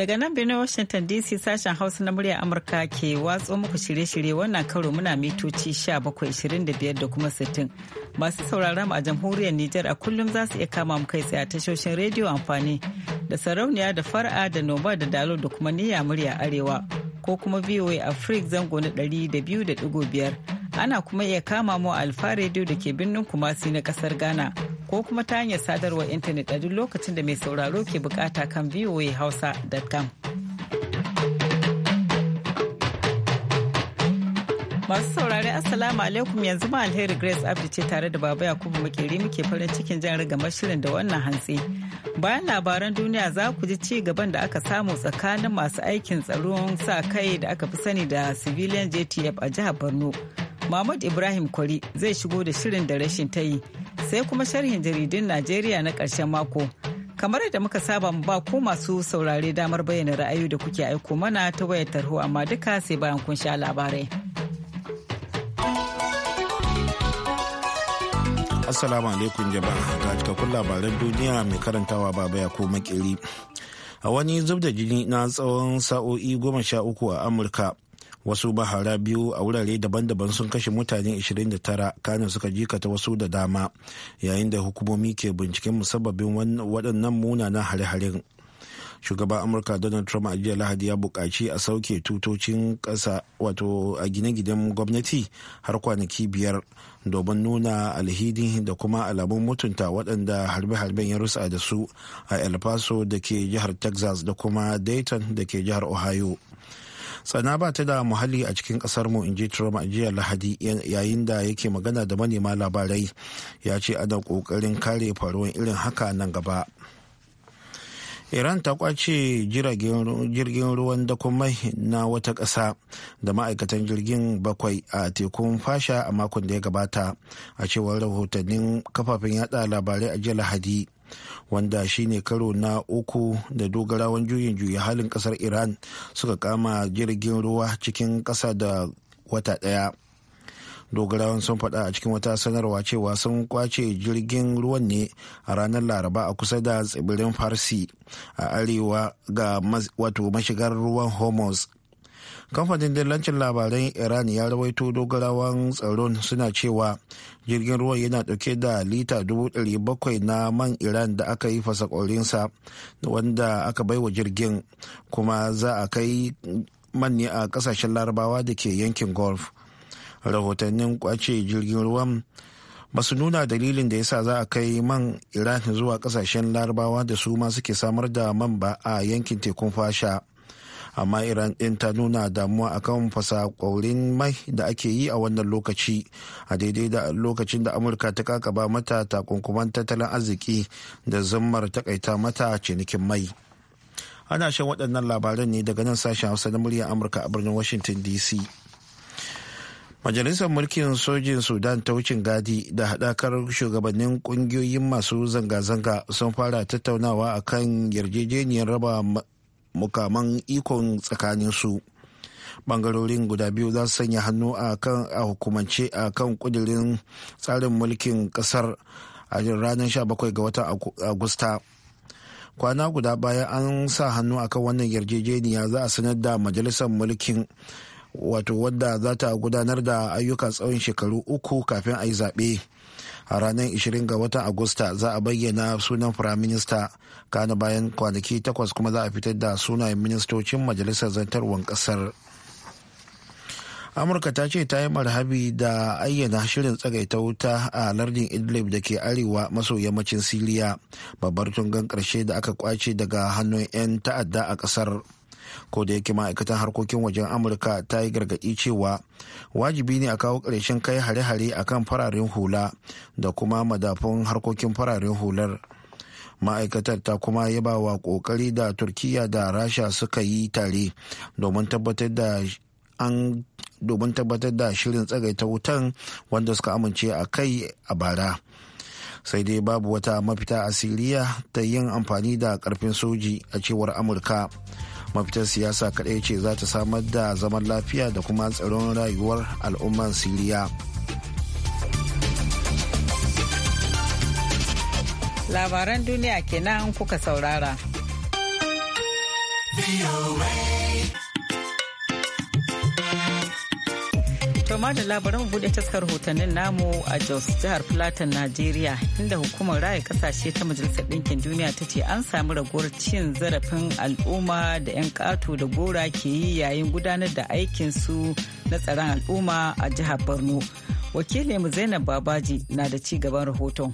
Daga nan birnin Washington DC sashen Hausa na murya Amurka ke watso muku shirye-shirye wannan karo muna mitoci 1725 da kuma 60. Masu sauraron mu a jamhuriyar Nijar a kullum za su iya kama mu kai tsaye a tashoshin rediyo amfani da sarauniya da fara da noma da dalo da kuma niyya murya arewa ko kuma VOA Africa zango na 200.5 ana kuma iya kama mu a alfa rediyo da ke birnin Kumasi na kasar Ghana. ko kuma ta hanyar sadarwar intanet a duk lokacin da mai sauraro ke bukata kan voahausa.com. Masu saurari Assalamu alaikum yanzu ma alheri Grace Abdi ce tare da Baba Yakubu Makeri muke farin cikin jan rigamar shirin da wannan hantsi. Bayan labaran duniya za ku ji ci gaban da aka samu tsakanin masu aikin tsaron sa kai da aka fi sani da civilian JTF a jihar Borno. Mahmud Ibrahim Kwari zai shigo da shirin da rashin ta yi. sai kuma sharhin jaridun Najeriya na ƙarshen mako. Kamar yadda muka saba mu ba ku masu saurare damar bayyana ra'ayi da kuke aiko mana ta wayar tarho amma duka sai bayan kun sha labarai. Assalamu alaikum jama'a ga cikakkun labaran duniya mai karantawa baba ya ko makiri. A wani zub da jini na tsawon sa'o'i goma sha uku a Amurka wasu bahara biyu a wurare daban-daban sun kashe mutane 29 kano suka jikata wasu da dama yayin da hukumomi ke binciken musabbabin waɗannan munanan hare-haren shugaban amurka donald trump a jiya lahadi ya buƙaci a sauke tutocin ƙasa wato a gine-ginen gwamnati har kwanaki biyar domin nuna alhidi da kuma alamun mutunta waɗanda harbe-harben ya rusa da su a el paso da ke jihar texas da kuma dayton da ke jihar ohio tsana ba ta da muhalli a cikin kasar mu in ji trump a jiya lahadi yayin da yake magana da manema labarai ya ce ana kokarin kare faruwan irin haka nan gaba iran ta kwace jirgin ruwan dakon mai na wata ƙasa da ma'aikatan jirgin bakwai a tekun fasha a makon da ya gabata a cewar rahotannin kafafen yada labarai a jiya lahadi wanda shine karo na uku da dogarawan juyin juya halin kasar iran suka kama jirgin ruwa cikin kasa da wata daya dogarawan sun faɗa a cikin wata sanarwa cewa sun kwace jirgin ruwan ne a ranar laraba a kusa da tsibirin farsi a arewa ga wato mashigar ruwan homos kamfanin dillancin labaran iran ya rawaito dogarawan tsaron suna cewa jirgin ruwan yana dauke da lita 700 na man iran da aka yi fasakorinsa wanda aka baiwa jirgin kuma za a kai man ne a kasashen larabawa da ke yankin golf rahotannin kwace jirgin ruwan ba su nuna dalilin da yasa za a kai man iran zuwa kasashen larabawa da su ma suke samar da man ba a yankin tekun fasha amma iran din ta nuna damuwa akan fasa kwaurin mai da ake yi a wannan lokaci a daidai da lokacin da amurka ta kakaba mata takunkuman tattalin arziki da zammar takaita mata cinikin mai ana shan waɗannan labaran ne daga nan sashen hausa na muryar amurka a birnin washington dc Majalisar Mulkin Sojin Sudan ta wucin gadi da haɗakar shugabannin ƙungiyoyin masu zanga-zanga sun fara tattaunawa akan kan yarjejeniyar raba mukaman ikon tsakanin su bangarorin guda biyu za su sanya hannu a kan a hukumance a kan kudirin tsarin mulkin kasar a ranar 17 ga watan agusta kwana guda bayan an sa hannu akan wannan yarjejeniya za a sanar da majalisar mulkin wato wadda za ta gudanar da ayyuka tsawon shekaru uku kafin a yi zaɓe. a ranar 20 ga watan agusta za a bayyana sunan firaminista kana bayan kwanaki takwas kuma za a fitar da sunayen ministocin majalisar zantarwar kasar amurka ta ce ta yi marhabi da ayyana shirin tsagaita wuta a lardin idlib da ke arewa maso yammacin siriya babbar tungan karshe da aka kwace daga hannun 'yan ta'adda a kasar ko da yake ma'aikatan harkokin wajen amurka ta yi gargaɗi cewa wajibi ne a kawo ƙarshen kai hare-hare a kan fararen hula da kuma madafun harkokin fararen hular ma'aikatar ta kuma yaba wa ƙoƙari da turkiya da rasha suka yi tare domin tabbatar da an domin tabbatar shirin tsagaita wutan wanda suka amince a kai a bara sai dai babu wata mafita a siriya ta yin amfani da karfin soji a cewar amurka mafitar siyasa kaɗai ce za ta samar da zaman lafiya da kuma tsaron rayuwar al'ummar siriya labaran duniya kenan kuka saurara. To da bari mu bude taskar hotonnin namu a Jos jihar Plateau Najeriya inda hukumar raya kasashe ta Majalisar Ɗinkin Duniya ta ce an samu raguwar cin zarafin al'umma da 'yan ƙato da gora ke yi yayin gudanar da aikin su na tsaron al'umma a jihar Borno. Wakilinmu Zainab Babaji na da ci gaban rahoton.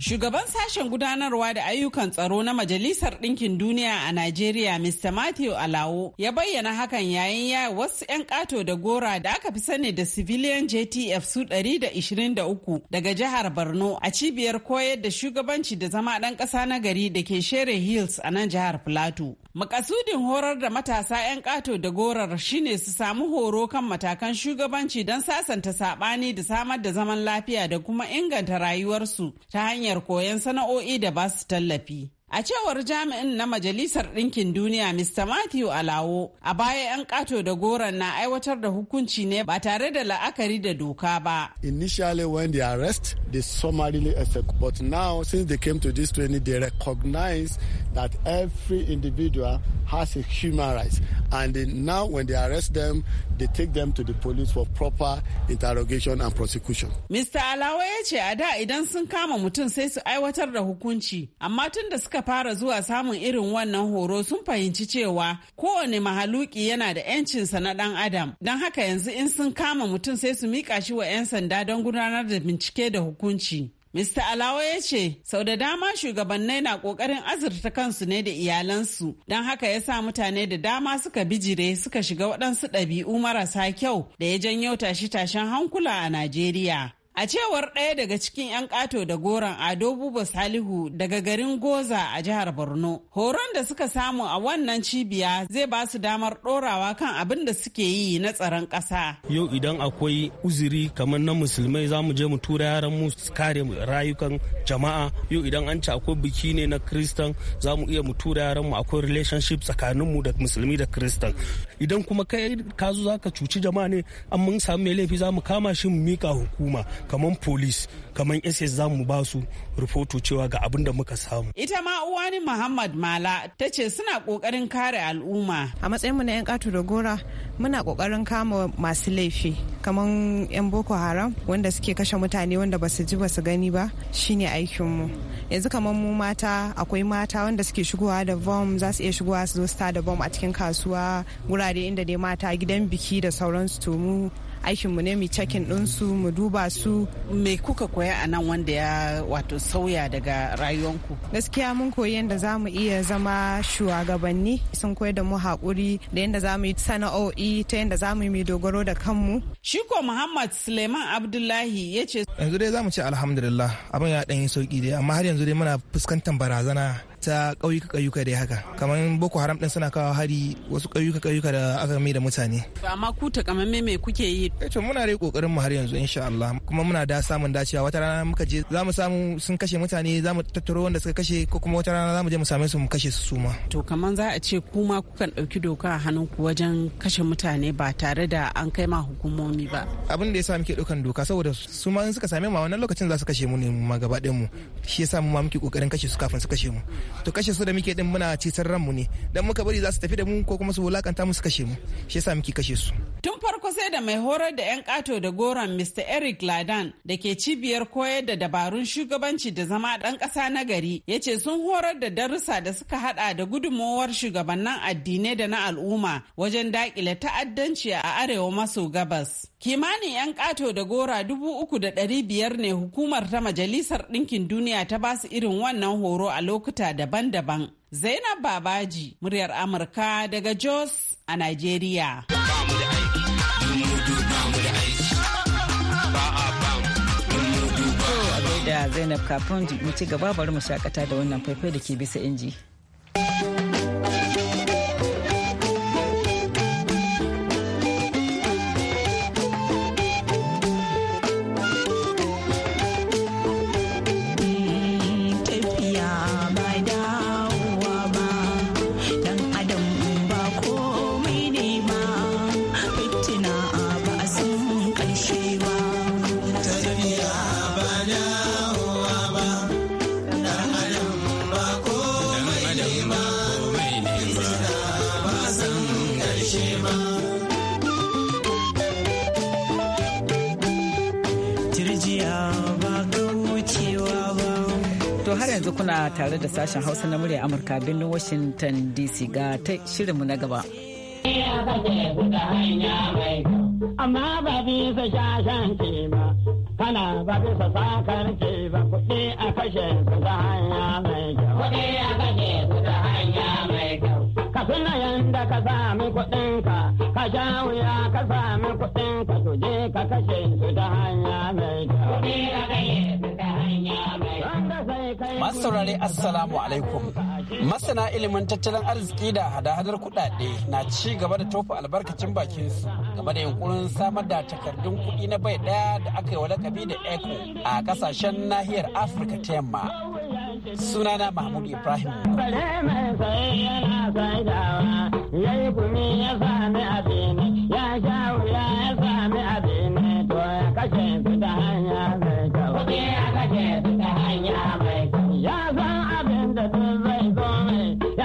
Shugaban sashen gudanarwa da ayyukan tsaro na Majalisar Ɗinkin Duniya a Najeriya, Mr. Matthew Alawo, ya bayyana hakan yayin ya wasu 'yan ƙato da gora da aka fi sani da civilian JTF su 123 daga jihar Borno a cibiyar koyar da shugabanci da zama ɗan ƙasa na gari da ke Shere Hills a nan jihar Plateau. Makasudin horar da matasa 'yan ƙato da gorar shine su samu horo kan matakan shugabanci don sasanta saɓani da samar da zaman lafiya da kuma inganta rayuwarsu ta hanyar hanyar koyon sana'o'i da ba su tallafi. A cewar jami'in na Majalisar Ɗinkin Duniya Mr. Matthew Alawo, a baya 'yan kato da goron na aiwatar da hukunci ne ba tare da la'akari da doka ba. Initially when they arrest, they summarily execute. But now since they came to this training, they recognize that every individual has a human rights. And they, now when they arrest them, they take them to the police for proper interrogation and prosecution. Mr. Alawo ya ce a da idan sun kama mutum sai su aiwatar da hukunci, amma tun da suka suka fara zuwa samun irin wannan horo sun fahimci cewa kowane mahaluki yana da 'yancinsa na dan adam. Don haka yanzu in sun kama mutum sai su mika shi wa 'yan sanda don gudanar da bincike da hukunci. Mr. Alawa ya ce, sau da dama shugabannai na ƙoƙarin azurta kansu ne da iyalansu, don haka ya sa mutane da dama suka bijire suka shiga waɗansu ɗabi'u marasa kyau da ya janyo tashe-tashen hankula a Najeriya. A cewar ɗaya daga cikin 'yan ƙato da goron Ado Buba Salihu daga garin Goza a jihar Borno, horon da suka samu a wannan cibiya zai ba su damar ɗorawa kan abin da suke yi na tsaron ƙasa. Yau idan akwai uzuri kamar na musulmai za mu je mu tura yaran mu su kare rayukan jama'a. Yau idan an ci akwai biki ne na Kristan za mu iya mu tura yaran mu akwai relationship tsakanin mu da musulmi da Kristan. Idan kuma kai ka zo za cuci jama'a ne an mun samu mai laifi za mu kama shi mu mika hukuma. kamar police kamar ss za mu ba su rufoto cewa ga abin da muka samu ita ma uwani muhammad mala ta ce suna kokarin kare al'umma a matsayin mu na yan katu da gora muna kokarin kama masu laifi kamar yan boko haram wanda suke kashe mutane wanda ba su ji ba su gani ba shine mu yanzu kamar mu mata akwai mata wanda suke shigowa da bom za su iya shigowa su zo su da bom a cikin kasuwa wurare inda dai mata gidan biki da sauransu to mu mu ne mu cakin ɗinsu mu duba su. Me kuka koya a nan wanda ya wato sauya daga rayuwanku? Gaskiya mun koyi yadda za mu iya zama shugabanni sun koyar da mu hakuri da yadda za mu yi sana'o'i ta yadda za mu yi mai dogaro da kanmu. Shiko Muhammad Suleiman Abdullahi ya ce. Yanzu dai za mu ce alhamdulillah abin ya yi sauƙi dai amma har yanzu dai muna fuskantar barazana ta ƙauyuka ƙauyuka dai haka kamar boko haram din suna kawo hari wasu ƙauyuka ƙauyuka da aka mai da mutane amma ku kamar me kuke yi eh to muna dai kokarin mu har yanzu insha Allah kuma muna da samun dacewa wata rana muka je za mu samu sun kashe mutane za mu tattaro wanda suka kashe ko kuma wata rana za mu je mu same su mu kashe su suma to kamar za a ce kuma kukan ɗauki doka a hannun ku wajen kashe mutane ba tare da an kai ma hukumomi ba abin da yasa muke ɗaukan doka saboda su ma in suka same mu a wannan lokacin za su kashe mu ne mu ma gaba mu shi yasa mu ma muke kokarin kashe su kafin su kashe mu to kashe su da muke din muna cetar ranmu ne dan muka bari za su tafi da mu ko kuma su wulakanta mu su kashe mu shi yasa muke kashe su tun farko sai da mai horar da yan kato da goron Mr Eric Ladan da ke cibiyar koyar da dabarun shugabanci da zama dan kasa na gari yace sun horar da darussa da suka hada da gudummawar shugabannin addinai da na al'umma wajen dakile ta'addanci a arewa maso gabas kimanin yan kato da gora dubu uku da ɗari biyar ne hukumar ta majalisar ɗinkin duniya ta basu irin wannan horo a lokuta da daban-daban. Zainab Babaji, muryar Amurka daga Jos a Najeriya. da Zainab kafin mu ci gaba bari mu shakata da wannan faifai da ke bisa inji. tare da sashen hausa na murya amurka birnin washington dc ga ta shirinmu na gaba amma ba bisa shashen ke ba kana ba bisa sakar ke ba kuɗi a kashe su ta hanya mai kyau kuɗi a kashe su ta hanya mai kyau ka tuna yanda ka sami kuɗinka ka sha wuya ka sami kuɗinka to je ka kashe su ta hanya mai kyau kuɗi a kashe Masu Assalamu alaikum. Masana ilimin tattalin arziki da hada-hadar kuɗaɗe na ci gaba da tofa albarkacin su game da yunkurin samar da takardun kuɗi na bai daya da aka yi wa lakabi da eco a kasashen nahiyar Afirka ta yamma. Sunana Mahmud Ibrahim. ya ya kashe su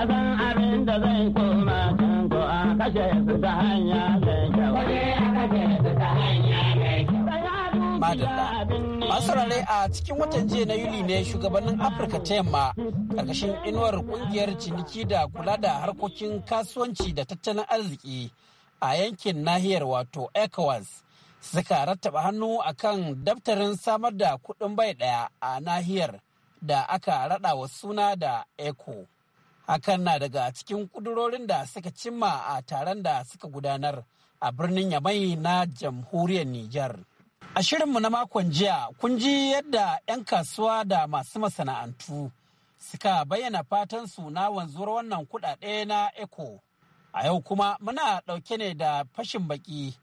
san abin da zai koma can a kashe su ta hanya mai kyau. Madalla. Masu rare a cikin watan jiya na Yuli ne shugabannin Afirka ta yamma ƙarƙashin inuwar ƙungiyar ciniki da kula da harkokin kasuwanci da tattalin arziki a yankin nahiyar wato ECOWAS suka rattaba hannu a kan daftarin samar da kuɗin bai ɗaya a nahiyar da aka raɗa wa suna da ECO. hakan na daga cikin kudurorin da suka cimma a taron da suka gudanar a birnin yamai na jamhuriyar nijar a shirinmu na makon jiya kun ji yadda 'yan kasuwa da masu masana'antu suka bayyana fatan su na wanzuwar wannan kudade na eco a yau kuma muna ɗauke ne da fashin baki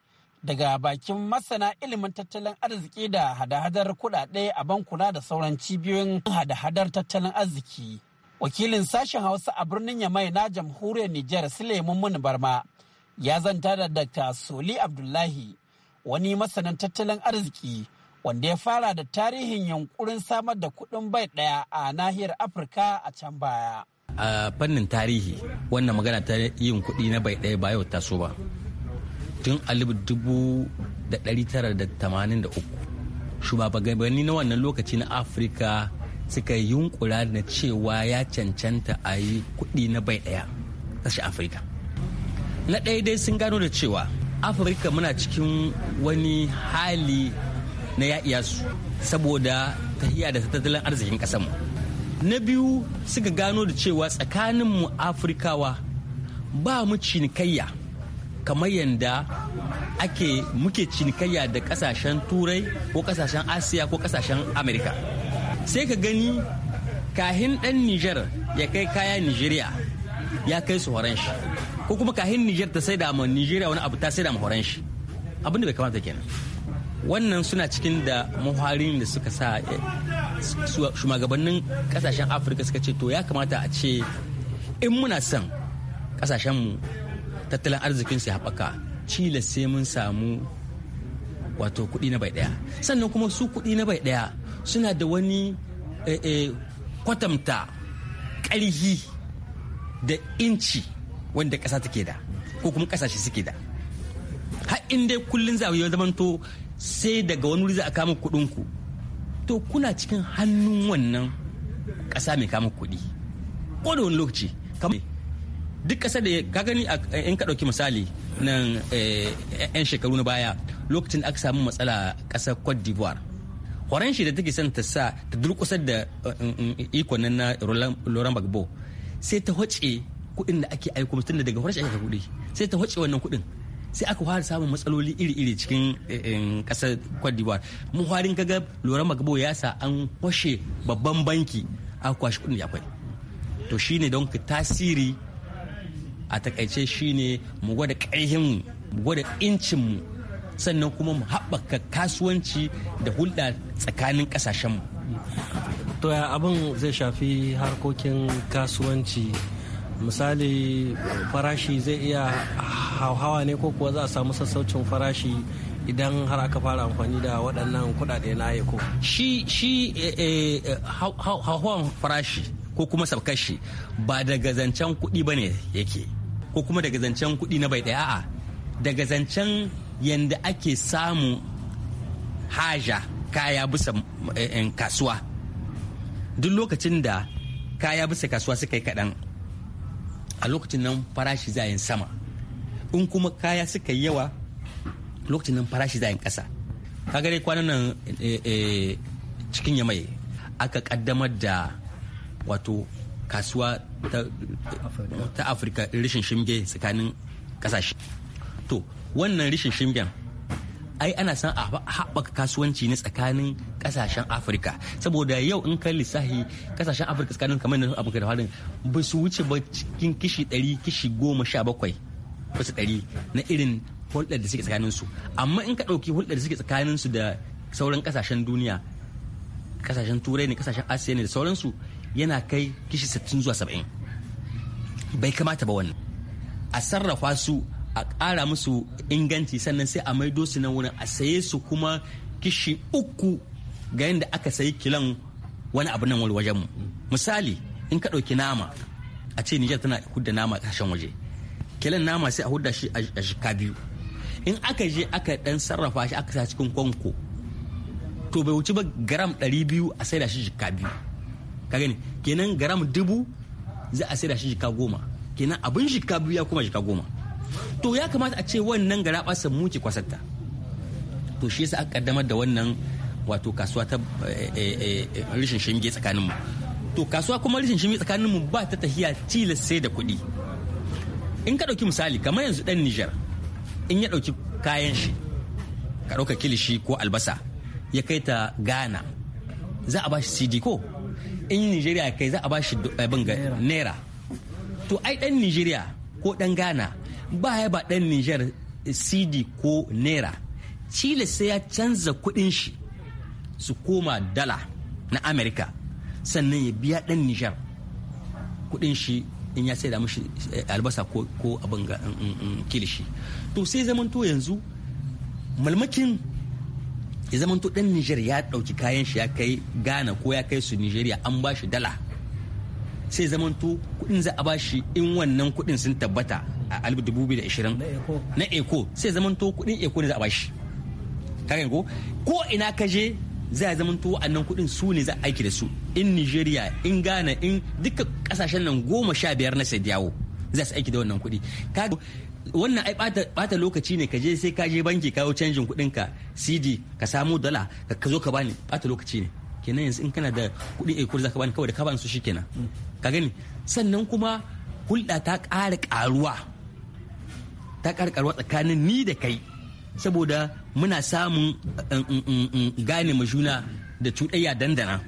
daga bakin masana ilimin tattalin arziki da hada-hadar kudade a bankuna da sauran cibiyoyin hada-hadar tattalin arziki wakilin sashen hausa a birnin yamai na jamhuriyar nijar suleiman mun barma ya zanta da dr soli abdullahi wani masanin tattalin arziki wanda ya fara da tarihin yankurin samar da kudin bai daya a nahiyar afirka a can baya a fannin tarihi wannan magana ta yin kudi na bai ɗaya ba yau taso ba tun uku shugabanni na wannan lokaci na afirka suka yunkura da cewa ya cancanta a yi kuɗi na bai ɗaya sashi afirka na ɗaya dai sun gano da cewa afirka muna cikin wani hali na ya'iya su saboda tahiya da tattalin arzikin ƙasarmu na biyu suka gano da cewa tsakaninmu afirkawa ba mu cinikayya kamar yadda ake muke cinikayya da kasashen turai ko kasashen asiya ko kasashen amerika sai ka gani kahin ɗan Nijar ya kai kaya Nijeriya ya kai su horon shi ko kuma kahin Nijar ta sai da ma Nijeriya wani abu ta sai da ma horon shi abin da bai kamata kenan wannan suna cikin da muharin da suka sa eh, shugabannin kasashen afirka suka ce to ya kamata a ce in muna son mu tattalin arzikin su haɓaka cila sai mun samu wato kuɗi na bai ɗaya sannan kuma su kuɗi na bai ɗaya suna da wani eh, eh, kwatamta ƙarhi da inci wanda ƙasa take da ko kuma ƙasashe suke da har in dai kullum za a yi zamanto sai daga wani wuri za a kama kuɗinku to kuna cikin hannun wannan ƙasa mai kama kuɗi ko da wani lokaci duk ƙasa da ka gani eh, in ka ɗauki misali nan 'yan shekaru na baya lokacin da aka samu matsala ƙasar cote d'ivoire horon shi da take son ta sa ta durkusar da uh, um, um, ikon na Laurent Gbagbo sai ta hoce kuɗin da ake aiko mutum daga horon shi ake kuɗi sai ta hoce wannan kuɗin sai aka fara samun matsaloli iri-iri cikin kasar eh, eh, Cote d'Ivoire mun farin kaga Laurent Gbagbo ya sa an kwashe babban banki aka kwashe kuɗin da akwai to shine don tasiri a takaice shine mu gwada mu mu gwada incin mu sannan kuma mu haɓaka kasuwanci da hulɗa tsakanin ƙasashenmu. to ya abin zai shafi harkokin kasuwanci misali farashi zai iya hauhawa ne ko kuwa za a samu sassaucin farashi idan har aka fara amfani da waɗannan kuɗaɗe na ko. shi shi eh, eh, farashi ko kuma sabkashi ba daga zancen kuɗi ba ne yake ko kuma daga zancen kuɗi na bai ɗaya a daga zancen yanda ake samu haja kaya bisa eh, eh, kasuwa duk lokacin da kaya bisa kasuwa suka yi kaɗan a lokacin nan farashi za yin sama in kuma kaya suka yi yawa lokacin nan farashi za yin ƙasa kaga kwanan nan eh, cikin ya mai aka kaddamar da wato kasuwa ta afirka rishin shimge tsakanin ƙasashe to wannan rishin shimbiyan ai ana san a haɓaka kasuwanci ne tsakanin kasashen afirka saboda yau in kan lissahi kasashen afirka tsakanin kamar da abin da farin ba su wuce ba cikin kishi ɗari kishi goma sha bakwai su ɗari na irin hulɗar da suke tsakanin su amma in ka ɗauki hulɗar da suke tsakanin su da sauran kasashen duniya kasashen turai ne kasashen asiya ne da sauransu yana kai kishi sittin zuwa saba'in bai kamata ba wannan a sarrafa su a ƙara musu inganci sannan sai a maido su nan wurin a saye su kuma kishi uku ga yadda aka sayi kilan wani abu nan wani wajen mu misali in ka ɗauki nama a ce Nijar tana hudda nama kashen waje kilan nama sai a hudda shi a shika biyu in aka je aka ɗan sarrafa shi aka sa cikin kwanko to bai wuce ba garam 200 a saida shi shika biyu ka gani kenan garam dubu za a saida shi shika goma kenan abin shika biyu ya kuma shika goma to ya kamata a ce wannan gara basa muke kwasarta to shi yasa aka kaddamar da wannan wato kasuwa ta eh, eh, eh, rishin shinge tsakanin mu to kasuwa kuma rishin shinge tsakanin mu ba ta tahiya tilas sai da kuɗi in ka ɗauki misali kamar yanzu ɗan Nijar in ya ɗauki kayan shi ka ɗauka kilishi ko albasa ya kai ta Ghana za a bashi CD ko in Nigeria kai za a bashi abin naira to ai ɗan Nigeria ko ɗan Ghana ba ya ba ɗan Nijar CD eh, ko Naira. Chile sai ya canza kuɗin shi su koma dala na Amerika sannan ya biya ɗan Nijar kuɗin shi in ya saida mishi eh, albasa ko abin ga mm, mm, mm, kilishi. To sai zamanto yanzu malmakin ya zamanto ɗan Nijar ya ɗauki kayan shi ya kai Ghana ko ya kai su Nijeriya an ba shi dala sai zamanto kuɗin za a bashi in wannan kuɗin sun tabbata a 2020 na eco sai zamanto kuɗin eco ne za a bashi kare ko ko ina ka je za a zamanto wa'annan kuɗin su ne za a aiki da su in nigeria in ghana in duka kasashen nan goma sha biyar na sadiyawo za su aiki da wannan kuɗi wannan ai bata lokaci ne ka je sai ka je banki kawo canjin kudin ka cd ka samu dala ka zo ka bani bata lokaci ne kenan yanzu in kana da kuɗin ekul za ka bani kawai da ka bani su shikenan ka gani sannan kuma hulɗa ta ƙara ƙaruwa ta ƙara ƙaruwa tsakanin ni da kai saboda muna samun eh, mm, mm, mm, gane ma juna da cuɗayya dandana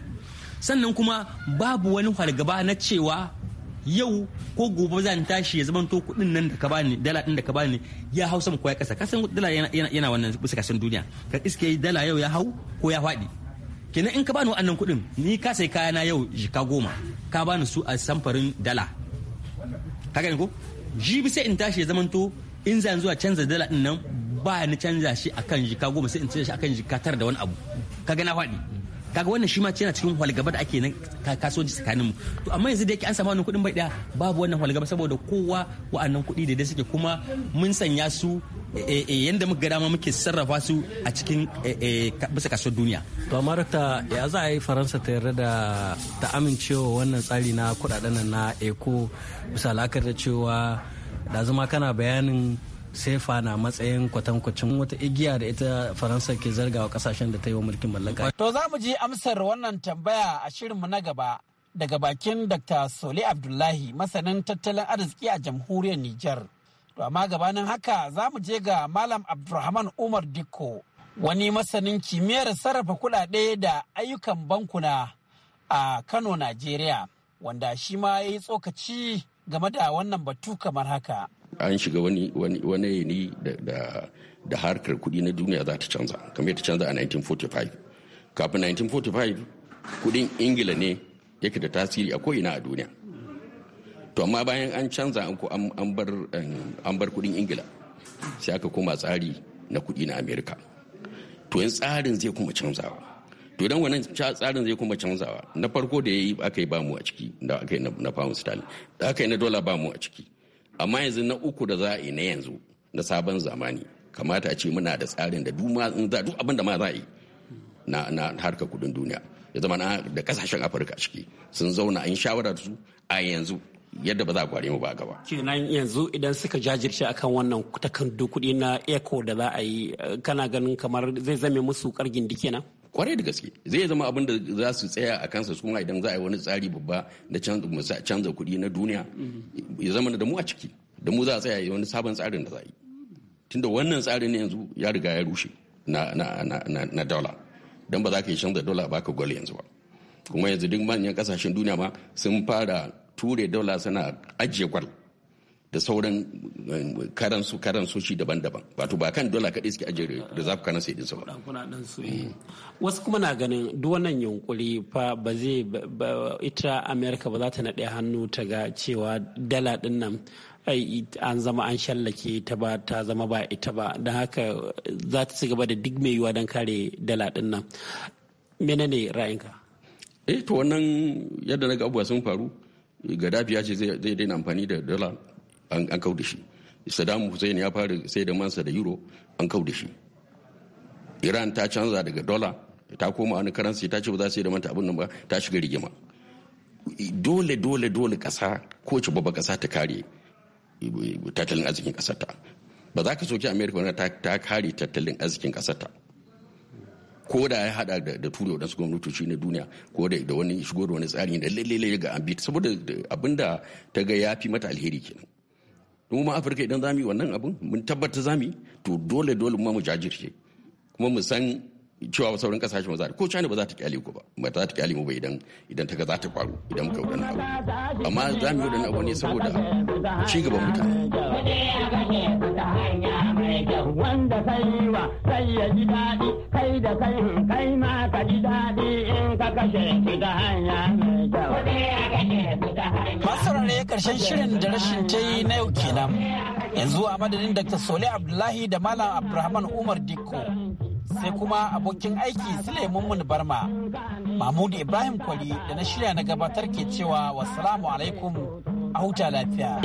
sannan kuma babu wani fargaba na cewa yau ko gobe zan tashi ya zamanto kuɗin nan da ka bani dala ɗin da ka bani ya hau sama ko ya ƙasa kasan dala yana wannan bisa kasan duniya ka iske dala yau ya hau ko ya faɗi kenan in ka bani wa'annan kuɗin ni ka sai kaya na yau jika goma ka bani su a samfarin dala ka gani ko jibi sai in tashi ya zamanto in zan zuwa canza dala din nan ba ni canza shi akan jika goma sai in canza shi akan jika tara da wani abu ka gana faɗi kaga wannan shi ma yana cikin walgaba da ake nan kasuwanci tsakanin mu to amma yanzu da yake an samu wannan kuɗin bai daya babu wannan walgaba saboda kowa wa'annan kuɗi da dai suke kuma mun sanya su Eh, eh, yadda muka ga dama muke sarrafa su a cikin eh, bisa kasuwar duniya. To amma ya za a yi Faransa ta yarda da ta amincewa wannan tsari na kudaden na eko bisa la'akar da cewa da zama kana bayanin sefa na matsayin kwatankwacin wata igiya da ita faransa ke zargawa kasashen da ta yi wa mulkin mallaka. to za mu ji amsar wannan tambaya a shirin mu na gaba daga bakin dr sole abdullahi masanin tattalin arziki a jamhuriyar niger. To amma gabanin haka za mu je ga Malam Abdulrahman Umar Dikko wani masanin kimiyyar sarrafa kuɗaɗe da ayyukan bankuna a Kano, Najeriya, wanda shi ma ya yi tsokaci game da wannan batu kamar haka. An shiga wani yanayi da harkar kuɗi na duniya za ta canza, kamar ta canza a 1945. Kafin 1945 kuɗin Ingila ne yake da tasiri a ko'ina a duniya. to amma bayan an canza an bar kudin ingila sai aka koma tsari na kudi na amerika to yin tsarin zai kuma canzawa to idan wannan tsarin zai kuma canzawa na farko da ya yi aka yi bamu a ciki da aka yi na pound sterling da aka yi na dola bamu a ciki amma yanzu na uku da za a yi na yanzu na sabon zamani kamata a ce muna da tsarin da duk abin da ma za a yi na harkar kudin duniya ya zama da kasashen afirka ciki sun zauna an shawara da su a yanzu yadda ba za a gware mu ba gaba. kenan yanzu idan suka jajirce akan wannan takardu kuɗi na eco da za a yi eh, kana ganin kamar zai zame musu kargin dike na. kwarai da gaske zai zama abin da za su tsaya a kansa kuma idan za a yi wani tsari babba na canza kuɗi na duniya ya zama da mu a ciki da mu za a tsaya wani sabon tsarin da za a yi tunda wannan tsarin ne yanzu ya riga ya rushe na dola don ba za ka yi canza dola ba ka gwal yanzu ba kuma yanzu duk manyan kasashen duniya ma sun fara ture dola suna ajiye gwal da sauran eh, karansu karansu shi daban-daban wato ba kan dola kaɗai suke ajiye da za ku sai ɗinsa ba. Eh. wasu kuma na ganin duk wannan yunkuri fa ba zai ita amerika ba za ta naɗe hannu ta ga cewa dala ɗin nan an zama an shallake ta ba ta zama ba ita ba don haka eh, za ta ci gaba da duk mai yiwuwa don kare dala ɗin nan menene ra'ayinka eh to wannan yadda na ga abubuwa sun faru gaddafi ya ce zai daina amfani da dala an kau da shi saddam hussein ya fara sai da mansa da euro an kau da shi iran ta canza daga dola ta koma wani karansi ta ce ba za su yi da manta abin nan ba ta shiga rigima dole dole dole kasa ko ci babba kasa ta kare tattalin arzikin kasarta ba za ka soki america wani ta kare tattalin arzikin kasarta ko da ya hada da ture wadansu gwamnatoci na duniya ko da da wani shigo da wani tsari da lalle ga an bi saboda abinda ta ga ya fi mata alheri kenan mu ma afirka idan zamu yi wannan abin mun tabbata zamu yi to dole dole mu jajirce kuma mu san cewa sauran kasashe ba za ta ko China ba za ta kyale ku ba ba za ta kyale mu ba idan idan ta ga za ta faru idan muka wadannan abu amma za mu yi wadannan abu ne saboda ci gaban mutane wanda Kai wa sai ya ji daɗi kai da kai kai ma ka ji daɗi in ka kashe ki ta hanya mai kyau. Masarare karshen shirin da rashin ta yi na yau kenan yanzu a madadin Dr. Sole Abdullahi da Malam Abdulrahman Umar Dikko sai kuma abokin aiki Suleiman Barma. Mahmud Ibrahim Kwari da na shirya na gabatar ke cewa wasalamu alaikum a huta lafiya.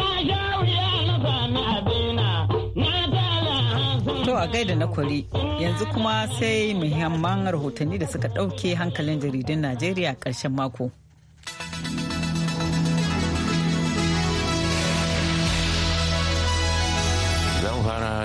To a gaida na kwari yanzu kuma sai muhimman rahotanni da suka ɗauke hankalin jaridun Najeriya ƙarshen mako.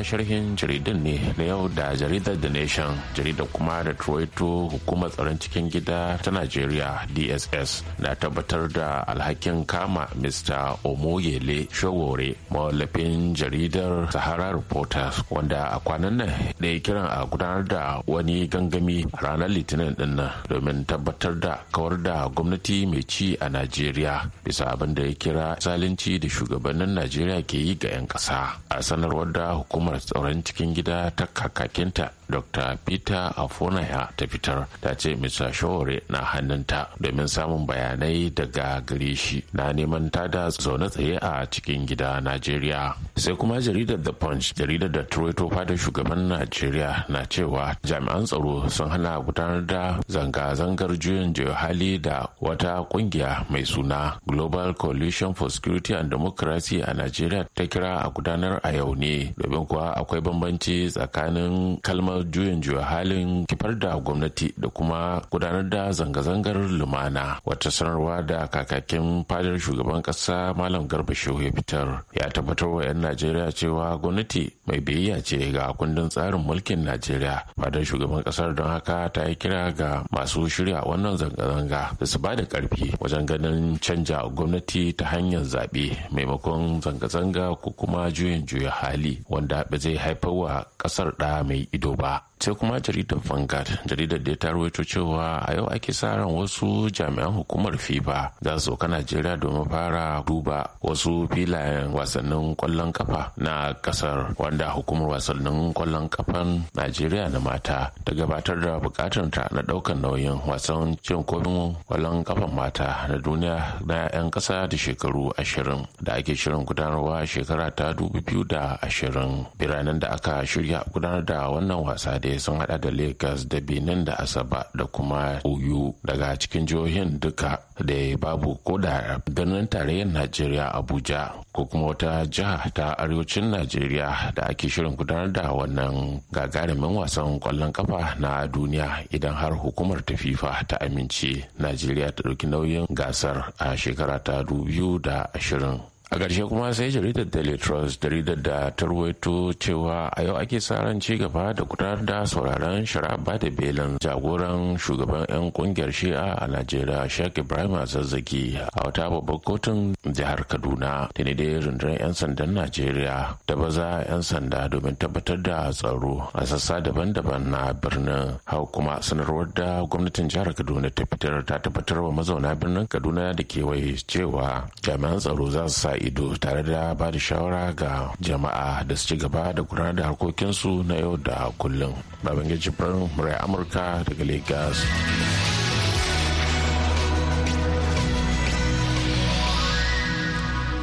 sharhin jaridun ne na yau da jaridar the nation jaridar kuma da troito hukumar tsaron cikin gida ta najeriya dss na tabbatar da alhakin kama mr omoyele shogore mawallafin jaridar sahara reporters wanda a kwanan nan da ya kiran a gudanar da wani gangami ranar litinin din nan domin tabbatar da kawar da gwamnati mai ci a najeriya bisa abin da ya kira zalunci da shugabannin najeriya ke yi ga 'yan ƙasa a sanarwar da hukumar hukumar tsaron cikin gida ta kakakinta dr peter afonaya ta fitar ta ce mr shawore na hannunta domin samun bayanai daga gare shi na neman ta da zaune tsaye a cikin gida najeriya sai kuma jaridar the punch jaridar da turaito fadar shugaban najeriya na cewa jami'an tsaro sun hana gudanar da zanga-zangar juyin hali da wata kungiya mai suna global coalition for security and democracy a najeriya ta kira a gudanar a yau ne domin kuwa akwai bambanci tsakanin kalmar juyin juya halin kifar da gwamnati da kuma gudanar da zanga-zangar lumana wata sanarwa da kakakin fadar shugaban kasa malam garba shehu ya fitar ya tabbatar wa 'yan najeriya cewa gwamnati mai biyayya ce ga kundin tsarin mulkin najeriya fadar shugaban kasar don haka ta yi kira ga masu shirya wannan zanga-zanga da su ba da karfi wajen ganin canja gwamnati ta hanyar zaɓe maimakon zanga-zanga ko kuma juyin juya hali wanda zaɓe zai haifar wa ƙasar ɗaya mai ido ba sai kuma jaridar vangard jaridar da ya ta rawaito cewa a yau ake sa ran wasu jami'an hukumar fifa za su sauka najeriya domin fara duba wasu filayen wasannin kwallon kafa na kasar wanda hukumar wasannin kwallon kafan najeriya na mata ta gabatar da bukatar ta na daukan nauyin wasan cin kofin kwallon kafan mata na duniya na 'yan kasa da shekaru ashirin da ake shirin gudanarwa shekara ta dubu biyu da ashirin biranen da aka shirya gudanar da wannan wasa da dai sun hada da lagos da benin da asaba da kuma oyo daga cikin jihohin duka da babu ko da birnin tarayyar najeriya abuja ko kuma wata jiha ta arewacin najeriya da ake shirin gudanar da wannan gagarumin wasan kwallon kafa na duniya idan har hukumar ta fifa ta amince najeriya ta ɗauki nauyin gasar a shekara ta 2020 a ƙarshe kuma sai jaridar daily trust jaridar da ta ruwaito cewa a yau ake sa ran ci gaba da gudanar da sauraron shari'a da belin jagoran shugaban 'yan kungiyar shi'a a najeriya sheikh ibrahim zazzaki a wata babbar kotun jihar kaduna da ne dai rundunar 'yan sandan najeriya da baza 'yan sanda domin tabbatar da tsaro a sassa daban-daban na birnin hau kuma sanarwar da gwamnatin jihar kaduna ta fitar ta tabbatar wa mazauna birnin kaduna da kewaye cewa jami'an tsaro za su sa ido tare da ba da shawara ga jama'a da su ci gaba da gudanar da harkokinsu na yau da kullum babangeji birnin murai amurka daga lagos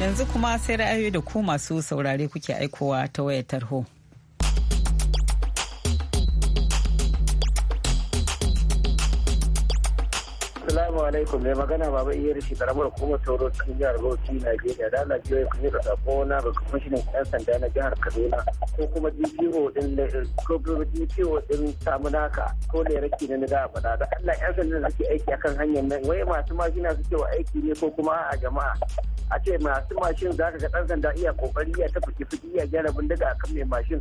yanzu kuma sai ra'ayoyi da ku masu saurare kuke aikowa ta wayar tarho salamu alaikum mai magana baba iya rishi karamar hukumar sauro cikin jihar Bauchi Najeriya da Allah jiya ku da sako na ga kwamishinan yan sanda na jihar Kaduna ko kuma DPO din ko kuma DPO din Samunaka ko ne raki na da faɗa da Allah yan sanda da suke aiki akan hanyar nan wai masu mashina suke wa aiki ne ko kuma a jama'a a ce masu mashin za ka ga ɗan sanda iya kokari iya ta fuki fuki iya gyara bindiga a kan mai mashin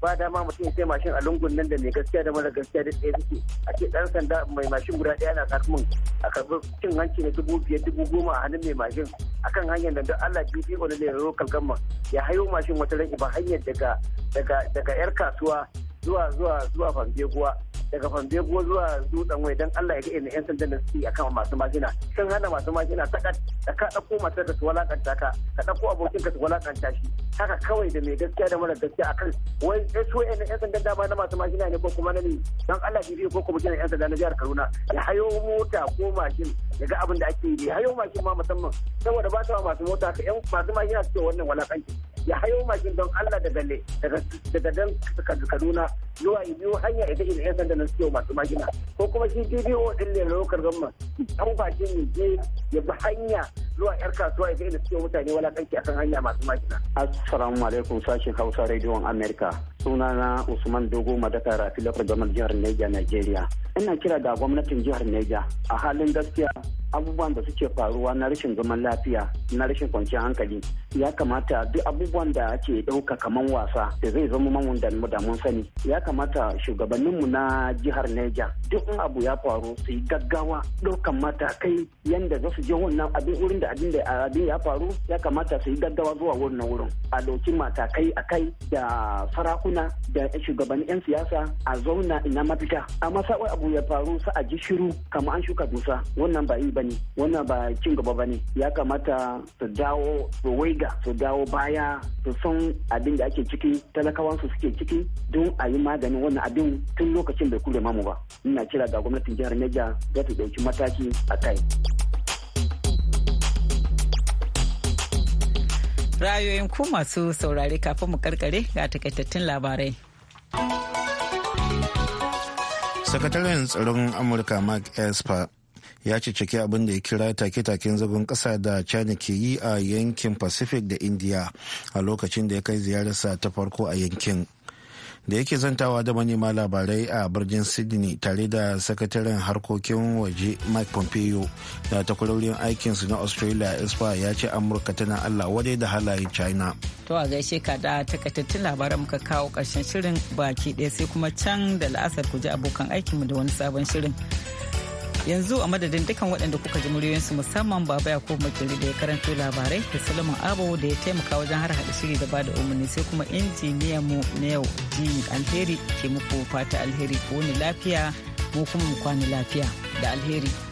ba dama mutum ya sai mashin a lungun nan da mai gaskiya da mara gaskiya da ɗaya suke a ce ɗan sanda mai mashin guda ɗaya na mun a karɓi cin hanci na dubu biyar dubu goma a hannun mai mashin akan hanyar da don Allah bidiyo na lero kalgamma ya hayo mashin wata rai ba hanyar daga daga daga yar kasuwa zuwa zuwa zuwa fangeguwa daga Fambego zuwa dutsen wai don Allah ya ga ina yan sanda da su a kan masu mashina sun hana masu mashina sakat da ka ɗauko matar da su walakanta ka ka ɗauko abokin ka su walakanta shi haka kawai da mai gaskiya da mara gaskiya kan wai su yan yan sanda dama na masu mashina ne ko kuma na ne don Allah ya ko kuma yan sanda na jihar Kaduna ya hayo mota ko mashin ya ga abin da ake yi ya hayo mashin ma musamman saboda ba ta masu mota ka yan masu mashina suke wannan walakanci ya hayo mashin don Allah da daga daga daga dan Kaduna zuwa ya biyo hanya ita daɗe da 'yan na suke masu magina ko kuma shi dbo ɗin ne lokar gamma an fashe ne je ya bi hanya zuwa 'yar kasuwa ita ita suke mutane kanki akan hanya masu magina. assalamu alaikum sashen hausa rediyon america sunana usman dogo madaka rafi lokar gamar jihar neja nigeria ina kira ga gwamnatin jihar neja a halin gaskiya abubuwan da suke faruwa na rashin zaman lafiya na rashin kwanciyar hankali ya kamata duk abubuwan da ake ɗauka kaman wasa da zai zama mamun da mun sani ya kamata shugabanninmu na jihar neja duk in abu ya faru su yi gaggawa ɗaukan matakai yanda za su je wannan abin wurin da abin da abin ya faru ya kamata su yi gaggawa zuwa wannan wurin a ɗauki matakai a kai da sarakuna da shugabannin 'yan siyasa a zauna ina mafita amma sa'o abu ya faru sa a ji shiru kamar an shuka dusa wannan ba yi ne wannan ba cin gaba bane ya kamata su dawo su waiga su dawo baya su san abin da ake ciki talakawansu suke ciki don a yi ganin wannan abin tun lokacin bai kure mamu ba ina kira ga gwamnatin jihar Niger za ta dauki mataki a kai rayoyin ku masu saurare kafin mu karkare ga takaitattun labarai sakataren tsaron amurka mark esper ya cicciki abin da ya kira take-taken zagon kasa da china ke yi a yankin pacific da india a lokacin da ya kai ziyararsa ta farko a yankin da yake zantawa da manema labarai a birnin sydney tare da sakataren harkokin waje mike pompeo da takwarorin aikinsu na australia espa ya ce amurka tana allah wadai da halayen china to a gaishe ka da takaitattun labaran muka kawo karshen shirin baki ɗaya sai kuma can da la'asar ku ji abokan aikinmu da wani sabon shirin yanzu a madadin dukkan waɗanda kuka ji muryoyinsu musamman baba ko makeri da ya karanto labarai da salamun abu da ya taimaka wajen har haɗa shiri da bada umarni sai kuma injiniyan mu na yau jini alheri ke muku fata alheri ko wani lafiya mu kuma mu kwani lafiya da alheri.